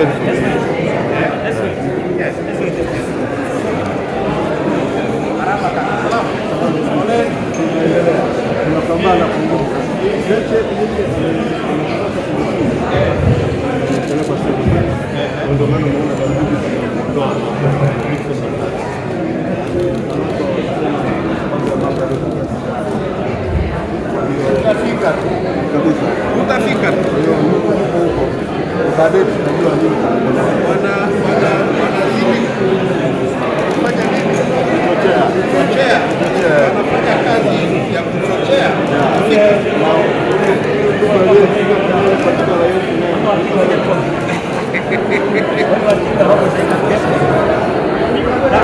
Não tá ficando. Não tá ficando. Tá dentro.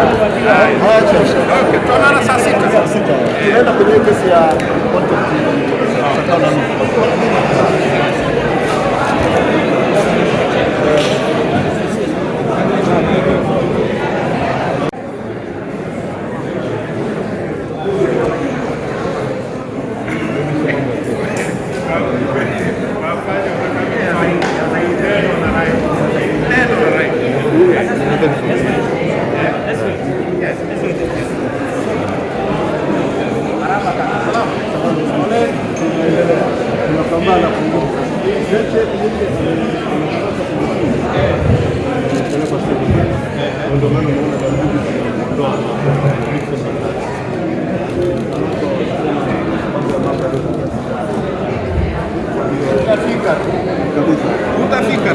Ah, que torna la salsita. La salsita. Eh. Primero pedí que sea cuánto Thank you. Utafika kabisa, utafika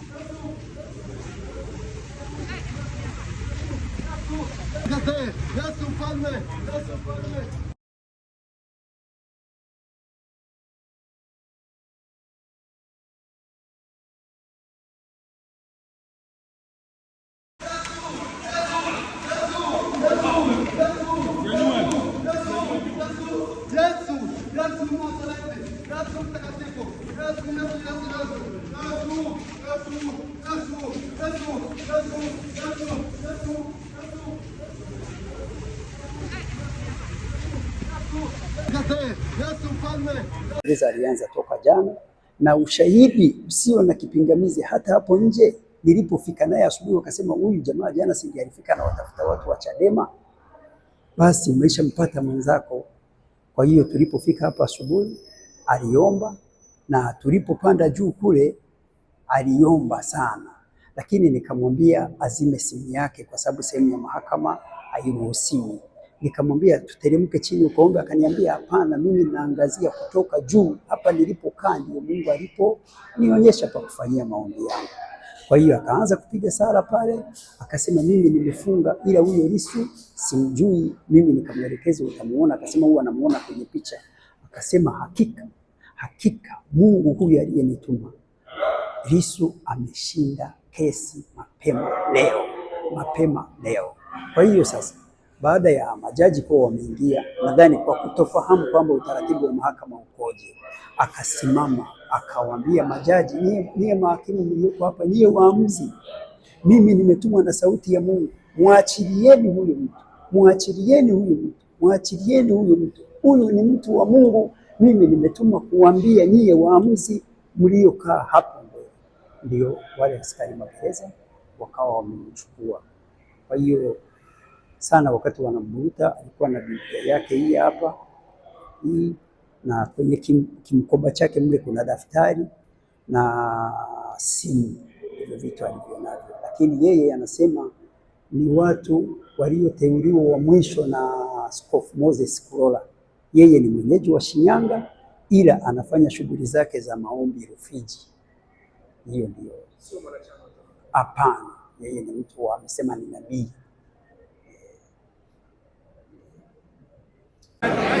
var mı? Nasıl var mı? Gereza alianza toka jana na ushahidi usio na kipingamizi. Hata hapo nje nilipofika naye asubuhi, wakasema huyu jamaa jana alifika na watafuta watu wa Chadema, basi umeshampata mwenzako. Kwa hiyo tulipofika hapa asubuhi aliomba, na tulipopanda juu kule aliomba sana, lakini nikamwambia azime simu yake kwa sababu sehemu ya mahakama hairuhusiwi. Nikamwambia tuteremke chini ukaombe, akaniambia hapana, mimi naangazia kutoka juu. Hapa nilipokaa ndio Mungu alipo nionyesha pa kufanyia maombi yangu. Kwa hiyo akaanza kupiga sala pale, akasema mimi nimefunga, ila huyo Lissu simjui. Mimi nikamwelekeza utamuona, akasema huwa anamuona kwenye picha. Akasema hakika hakika, Mungu huyu aliyenituma Lissu ameshinda kesi mapema leo, mapema leo. Kwa hiyo sasa baada ya majaji kuwa wameingia, nadhani kwa kutofahamu kwamba utaratibu wa mahakama ukoje, akasimama akawaambia majaji, niye mahakimu mlioko hapa, niye waamuzi, mimi nimetumwa na sauti ya Mungu, mwachilieni huyu mtu, mwachilieni huyu mtu, mwachilieni huyu mtu, huyu ni mtu wa Mungu, mimi nimetumwa kuambia niye waamuzi mliokaa hapo mbele. Ndio wale askari magereza wakawa wamemchukua. Kwa hiyo sana wakati wanamvuta Alikuwa na bibi yake hii hapa hii, na kwenye kim, kimkoba chake mle kuna daftari na simu, hivyo vitu alivyonavyo. Lakini yeye anasema ni watu walioteuliwa wa mwisho na Askofu Moses Kulola. Yeye ni mwenyeji wa Shinyanga, ila anafanya shughuli zake za maombi Rufiji. Hiyo ndio hapana, yeye ni mtu amesema ni nabii Thank you.